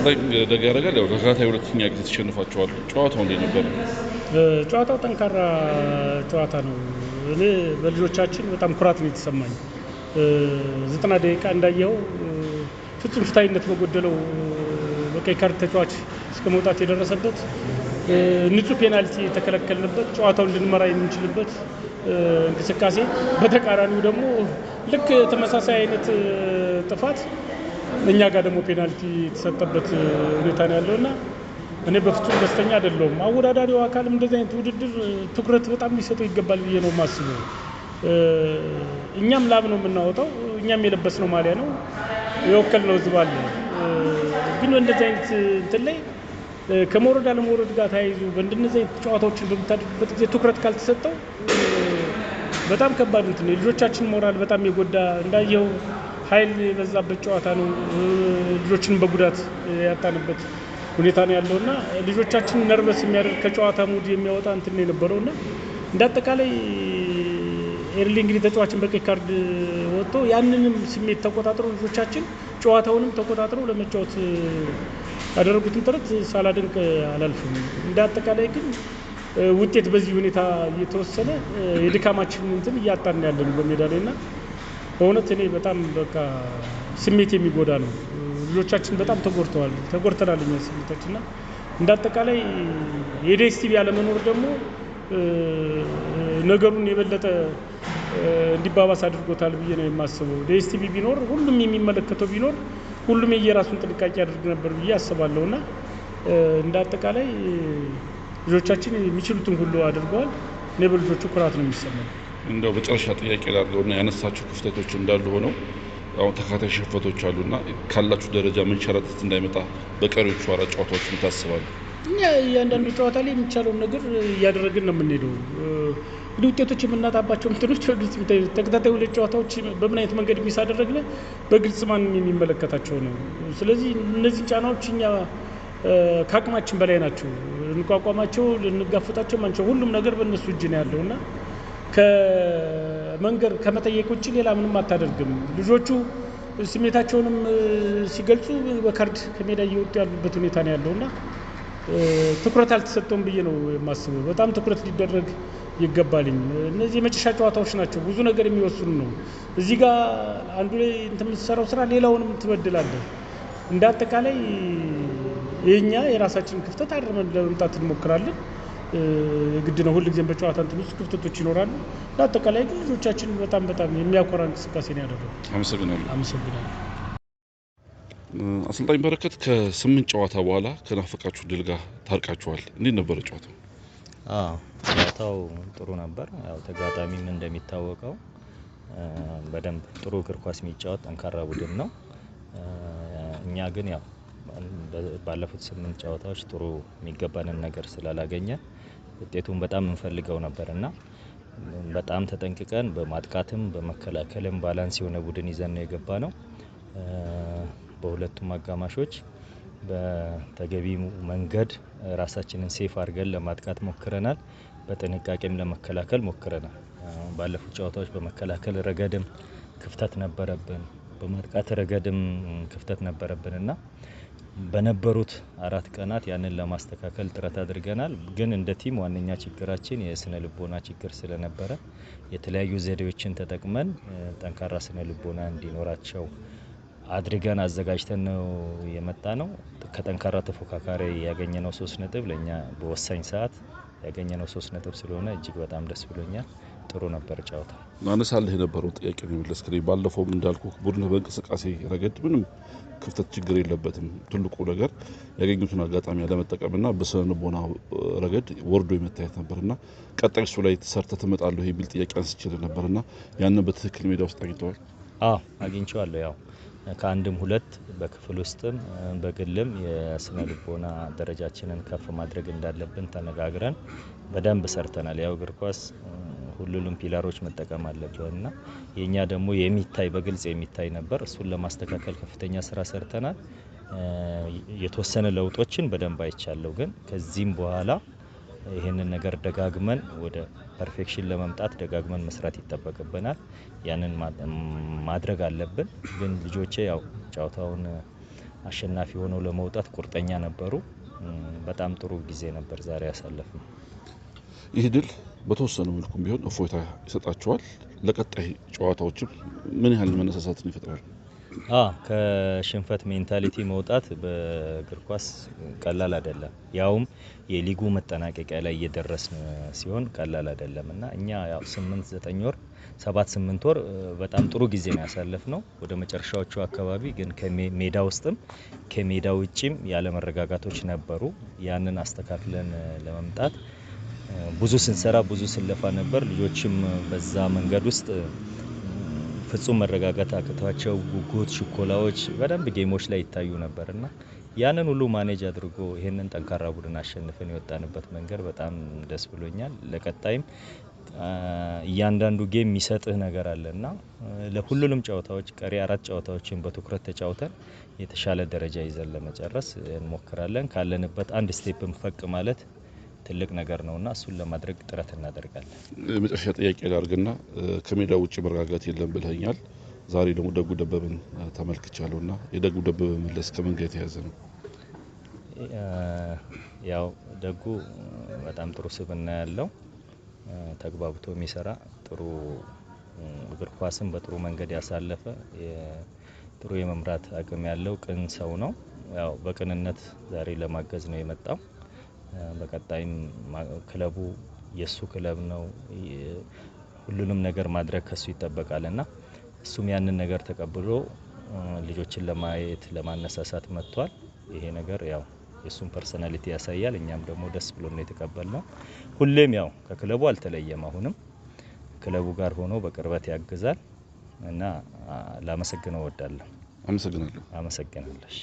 አስታሳይ ደጋ ያደርጋል። ያው ተከታታይ ሁለተኛ ጊዜ ተሸንፏቸዋል። ጨዋታው እንዴት ነበር? ጨዋታው ጠንካራ ጨዋታ ነው። እኔ በልጆቻችን በጣም ኩራት ነው የተሰማኝ። ዘጠና ደቂቃ እንዳየኸው ፍጹም ፍታይነት በጎደለው በቀይ ካርድ ተጫዋች እስከ መውጣት የደረሰበት ንጹህ ፔናልቲ የተከለከልንበት ጨዋታውን ልንመራ የምንችልበት እንቅስቃሴ፣ በተቃራኒው ደግሞ ልክ ተመሳሳይ አይነት ጥፋት እኛ ጋር ደግሞ ፔናልቲ የተሰጠበት ሁኔታ ነው ያለው እና እኔ በፍጹም ደስተኛ አይደለሁም። አወዳዳሪው አካልም እንደዚህ አይነት ውድድር ትኩረት በጣም ሊሰጠው ይገባል ብዬ ነው የማስበው። እኛም ላብ ነው የምናወጣው፣ እኛም የለበስነው ማሊያ ነው የወከልነው ህዝብ አለ። ግን እንደዚህ አይነት እንትን ላይ ከመውረድ አለመውረድ ጋር ተያይዞ በእንደነዚህ አይነት ጨዋታዎችን በምታደርጉበት ጊዜ ትኩረት ካልተሰጠው በጣም ከባድ እንትን ልጆቻችን ሞራል በጣም የጎዳ እንዳየው ኃይል የበዛበት ጨዋታ ነው። ልጆችን በጉዳት ያጣንበት ሁኔታ ነው ያለው እና ልጆቻችን ነርቨስ የሚያደርግ ከጨዋታ ሙድ የሚያወጣ እንትን ነው የነበረው እና እንደ አጠቃላይ ኤርሊ እንግዲህ ተጫዋችን በቀይ ካርድ ወጥቶ ያንንም ስሜት ተቆጣጥሮ ልጆቻችን ጨዋታውንም ተቆጣጥሮ ለመጫወት ያደረጉትን ጥረት ሳላደንቅ አላልፍም። እንደ አጠቃላይ ግን ውጤት በዚህ ሁኔታ እየተወሰነ የድካማችንን እንትን እያጣን ያለን በሜዳ ላይ ና በእውነት እኔ በጣም በቃ ስሜት የሚጎዳ ነው። ልጆቻችን በጣም ተጎድተዋል፣ ተጎድተናል እኛ ስሜታችን እና እንደ አጠቃላይ የዲኤስቲቪ አለመኖር ደግሞ ነገሩን የበለጠ እንዲባባስ አድርጎታል ብዬ ነው የማስበው። ዲኤስቲቪ ቢኖር ሁሉም የሚመለከተው ቢኖር ሁሉም የየራሱን ጥንቃቄ አድርግ ነበር ብዬ አስባለሁ እና እንደ አጠቃላይ ልጆቻችን የሚችሉትን ሁሉ አድርገዋል። እኔ በልጆቹ ኩራት ነው የሚሰማው። እንደው መጨረሻ ጥያቄ ላለው እና ያነሳቸው ክፍተቶች እንዳሉ ሆነው አሁን ተካታይ ሸፈቶች አሉና ካላችሁ ደረጃ መንሸራተት እንዳይመጣ በቀሪዎቹ አራት ጨዋታዎች ታስባሉ? እኛ እያንዳንዱ ጨዋታ ላይ የሚቻለውን ነገር እያደረግን ነው የምንሄደው። እንግዲህ ውጤቶች የምናጣባቸው እንትኖች ተከታታይ ሁለት ጨዋታዎች በምን አይነት መንገድ ሚስ አደረግን በግልጽ ማን የሚመለከታቸው ነው። ስለዚህ እነዚህ ጫናዎች እኛ ከአቅማችን በላይ ናቸው። እንቋቋማቸው፣ ልንጋፈጣቸው ማንቸው፣ ሁሉም ነገር በእነሱ እጅ ነው ያለው እና ከመንገር ከመጠየቅ ውጭ ሌላ ምንም አታደርግም። ልጆቹ ስሜታቸውንም ሲገልጹ በካርድ ከሜዳ እየወጡ ያሉበት ሁኔታ ነው ያለው እና ትኩረት አልተሰጠውም ብዬ ነው የማስበው። በጣም ትኩረት ሊደረግ ይገባልኝ። እነዚህ የመጨሻ ጨዋታዎች ናቸው፣ ብዙ ነገር የሚወስኑ ነው። እዚህ ጋር አንዱ ላይ የምትሰራው ስራ ሌላውንም ትበድላለህ። እንደ አጠቃላይ የእኛ የራሳችን ክፍተት አርመን ለመምጣት እንሞክራለን። ግድ ነው። ሁልጊዜም በጨዋታ እንትን ውስጥ ክፍተቶች ይኖራሉ። ለአጠቃላይ ግን ልጆቻችን በጣም በጣም የሚያኮራ እንቅስቃሴ ነው ያደረጉ። አመሰግናለሁ። አመሰግናለሁ። አሰልጣኝ በረከት ከስምንት ጨዋታ በኋላ ከናፈቃችሁ ድል ጋር ታርቃችኋል። እንዴት ነበረ ጨዋታው? ጨዋታው ጥሩ ነበር። ያው ተጋጣሚም እንደሚታወቀው በደንብ ጥሩ እግር ኳስ የሚጫወት ጠንካራ ቡድን ነው። እኛ ግን ያው ባለፉት ስምንት ጨዋታዎች ጥሩ የሚገባንን ነገር ስላላገኘን ውጤቱን በጣም እንፈልገው ነበር እና በጣም ተጠንቅቀን በማጥቃትም በመከላከልም ባላንስ የሆነ ቡድን ይዘን ነው ነው። በሁለቱም አጋማሾች በተገቢ መንገድ ራሳችንን ሴፍ አድርገን ለማጥቃት ሞክረናል። በጥንቃቄም ለመከላከል ሞክረናል። ባለፉት ጨዋታዎች በመከላከል ረገድም ክፍተት ነበረብን በማጥቃት ረገድም ክፍተት ነበረብን እና በነበሩት አራት ቀናት ያንን ለማስተካከል ጥረት አድርገናል። ግን እንደ ቲም ዋነኛ ችግራችን የስነ ልቦና ችግር ስለነበረ የተለያዩ ዘዴዎችን ተጠቅመን ጠንካራ ስነ ልቦና እንዲኖራቸው አድርገን አዘጋጅተን ነው የመጣ ነው። ከጠንካራ ተፎካካሪ ያገኘነው ሶስት ነጥብ ለእኛ በወሳኝ ሰዓት ያገኘነው ሶስት ነጥብ ስለሆነ እጅግ በጣም ደስ ብሎኛል። ጥሩ ነበር ጨዋታ። አነሳልህ የነበረው ጥያቄ ነው የመለስክልኝ። ባለፈውም እንዳልኩ ቡድን በእንቅስቃሴ ረገድ ምንም ክፍተት ችግር የለበትም። ትልቁ ነገር ያገኙትን አጋጣሚ ያለመጠቀምና በስነልቦና ረገድ ወርዶ የመታየት ነበርና ቀጣይ እሱ ላይ ተሰርተ ትመጣለሁ የሚል ጥያቄ አንስችል ነበርና ያንን በትክክል ሜዳ ውስጥ አግኝተዋል? አዎ አግኝቼዋለሁ። ያው ከአንድም ሁለት በክፍል ውስጥም በግልም የስነ ልቦና ደረጃችንን ከፍ ማድረግ እንዳለብን ተነጋግረን በደንብ ሰርተናል። ያው እግር ኳስ ሁሉንም ፒላሮች መጠቀም አለብን እና የእኛ ደግሞ የሚታይ በግልጽ የሚታይ ነበር። እሱን ለማስተካከል ከፍተኛ ስራ ሰርተናል። የተወሰነ ለውጦችን በደንብ አይቻለሁ። ግን ከዚህም በኋላ ይህንን ነገር ደጋግመን ወደ ፐርፌክሽን ለመምጣት ደጋግመን መስራት ይጠበቅብናል። ያንን ማድረግ አለብን። ግን ልጆቼ ያው ጨዋታውን አሸናፊ ሆነው ለመውጣት ቁርጠኛ ነበሩ። በጣም ጥሩ ጊዜ ነበር ዛሬ ያሳለፍነው። ይህ ድል በተወሰነ መልኩም ቢሆን እፎይታ ይሰጣቸዋል። ለቀጣይ ጨዋታዎችም ምን ያህል መነሳሳትን ይፈጥራል? ከሽንፈት ሜንታሊቲ መውጣት በእግር ኳስ ቀላል አይደለም። ያውም የሊጉ መጠናቀቂያ ላይ እየደረስን ሲሆን ቀላል አይደለም እና እኛ ስምንት ዘጠኝ ወር ሰባት ስምንት ወር በጣም ጥሩ ጊዜ ነው ያሳለፍ ነው። ወደ መጨረሻዎቹ አካባቢ ግን ከሜዳ ውስጥም ከሜዳ ውጭም ያለመረጋጋቶች ነበሩ። ያንን አስተካክለን ለመምጣት ብዙ ስንሰራ ብዙ ስንለፋ ነበር። ልጆችም በዛ መንገድ ውስጥ ፍጹም መረጋጋት አቅቷቸው ጉጉት፣ ሽኮላዎች በደንብ ጌሞች ላይ ይታዩ ነበር እና ያንን ሁሉ ማኔጅ አድርጎ ይህንን ጠንካራ ቡድን አሸንፈን የወጣንበት መንገድ በጣም ደስ ብሎኛል። ለቀጣይም እያንዳንዱ ጌም የሚሰጥህ ነገር አለ እና ለሁሉንም ጨዋታዎች ቀሪ አራት ጨዋታዎችን በትኩረት ተጫውተን የተሻለ ደረጃ ይዘን ለመጨረስ እንሞክራለን። ካለንበት አንድ ስቴፕም ፈቅ ማለት ትልቅ ነገር ነውና እሱን ለማድረግ ጥረት እናደርጋለን። የመጨረሻ ጥያቄ ላድርግና ከሜዳ ውጭ መረጋጋት የለም ብለኛል። ዛሬ ደግሞ ደጉ ደበበን ተመልክቻለሁና የደጉ ደበበ መለስ ከምን ጋር የተያዘ ነው? ያው ደጉ በጣም ጥሩ ስብና ያለው ተግባብቶ የሚሰራ ጥሩ እግር ኳስን በጥሩ መንገድ ያሳለፈ ጥሩ የመምራት አቅም ያለው ቅን ሰው ነው። ያው በቅንነት ዛሬ ለማገዝ ነው የመጣው። በቀጣይም ክለቡ የእሱ ክለብ ነው። ሁሉንም ነገር ማድረግ ከሱ ይጠበቃል እና እሱም ያንን ነገር ተቀብሎ ልጆችን ለማየት ለማነሳሳት መጥቷል። ይሄ ነገር ያው የእሱን ፐርሰናሊቲ ያሳያል። እኛም ደግሞ ደስ ብሎ ነው የተቀበልነው። ሁሌም ያው ከክለቡ አልተለየም። አሁንም ክለቡ ጋር ሆኖ በቅርበት ያግዛል እና ላመሰግነው እወዳለሁ። አመሰግናለሁ። አመሰግናለሽ።